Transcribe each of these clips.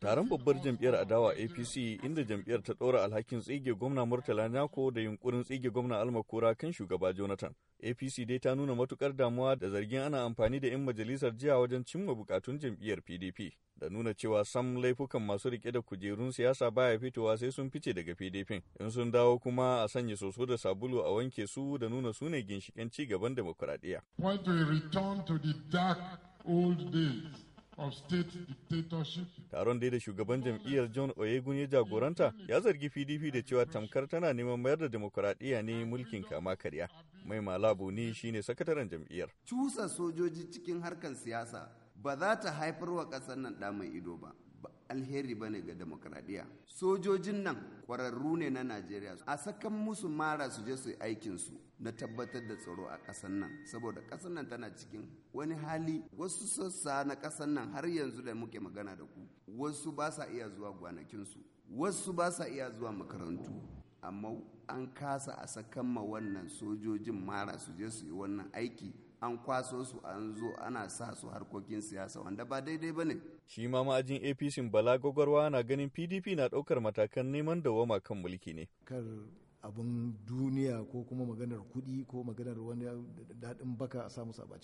taron babbar jam'iyyar adawa apc inda jam'iyyar ta ɗora alhakin tsige gwamna murtala nyako da yunkurin tsige gwamna almakura kan shugaba jonathan apc dai ta nuna matukar damuwa da zargin ana amfani da 'yan majalisar jiya wajen cimma bukatun jam'iyyar pdp da nuna cewa sam laifukan masu rike da kujerun siyasa baya fitowa sai sun fice daga PDP. In sun dawo kuma a sanya soso da sabulu a wanke su da nuna su ne ci gaban demokuraɗiyya. Want to return to the dark old days. Taron dai da shugaban jam'iyyar John Oyegun ya jagoranta ya zargi PDP da cewa tamkar tana neman mayar da demokuraɗiyya ne mulkin kama karya. Mai malabu ne shine sakataren jam'iyyar. Cusa sojoji cikin harkar siyasa ba za ta haifar wa ƙasar nan ɗa mai ido ba alheri ba ne ga demokradiyya sojojin nan ƙwararru ne na najeriya a sakan musu mara su je su aikinsu na tabbatar da tsaro a ƙasar nan saboda ƙasar nan tana cikin wani hali wasu sassa na ƙasar nan har yanzu da muke magana da ku wasu ba sa iya zuwa gwanakinsu wasu ba sa iya zuwa makarantu amma an kasa a sakan ma wannan sojojin mara su je su yi wannan aiki an kwaso su an zo ana sa su harkokin siyasa wanda ba daidai ba ne. Shi ma ma'ajin APC Bala Gwagwarwa na ganin PDP na ɗaukar matakan neman dawama kan mulki ne. Kar abin duniya ko kuma maganar kuɗi ko maganar wani daɗin baka a samu a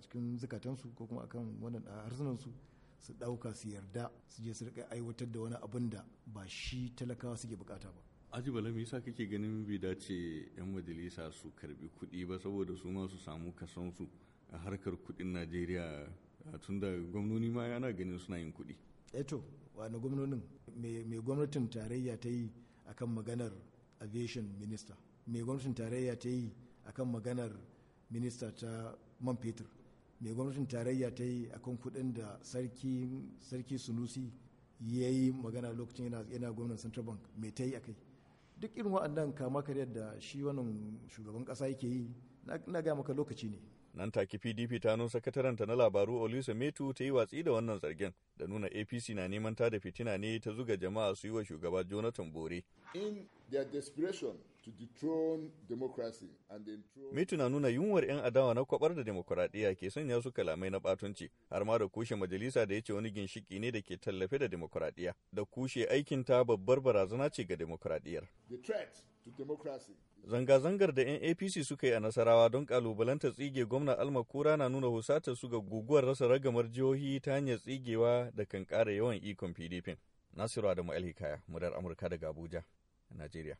cikin zukatansu ko kuma akan wannan harsunansu su ɗauka su yarda su je su aiwatar da wani abin da ba shi talakawa suke bukata ba. aji bala me yasa kake ganin bai dace yan majalisa su karbi kuɗi ba saboda su ma su samu kason su a harkar kuɗin najeriya tun da gwamnoni ma yana ganin suna yin kuɗi eto eh wani gwamnonin mai gwamnatin tarayya ta yi akan maganar aviation minister mai gwamnatin tarayya ta yi akan maganar minista ta man fetur mai gwamnatin tarayya ta yi akan kudin da sarki sunusi ya yi magana lokacin yana gwamnan central bank mai ta yi a kai duk irin waɗannan kama karyar da shi wannan shugaban ƙasa yake yi na ga maka lokaci ne nan take pdp ta nun sakataranta na labaru olisa metu ta yi watsi da wannan zargin da nuna apc na neman ta da fitina ne ta zuga jama'a su yi wa shugaba jonathan bore in Mitu na nuna yunwar 'yan adawa na kwabar da demokuraɗiyya ke sanya su kalamai na ɓatunci, har ma da kushe majalisa da ya ce wani ginshiki ne da ke tallafe da demokuraɗiyya, da kushe aikin ta babbar barazana ce ga demokuraɗiyyar. Zanga-zangar da 'yan APC suka yi a Nasarawa don kalubalanta tsige gwamna Alma Kura na nuna husatar su ga guguwar rasa ragamar jihohi ta hanyar tsigewa da kan ƙara yawan ikon PDP. Nasiru Adamu Alhikaya, Murar Amurka daga Abuja. Nigeria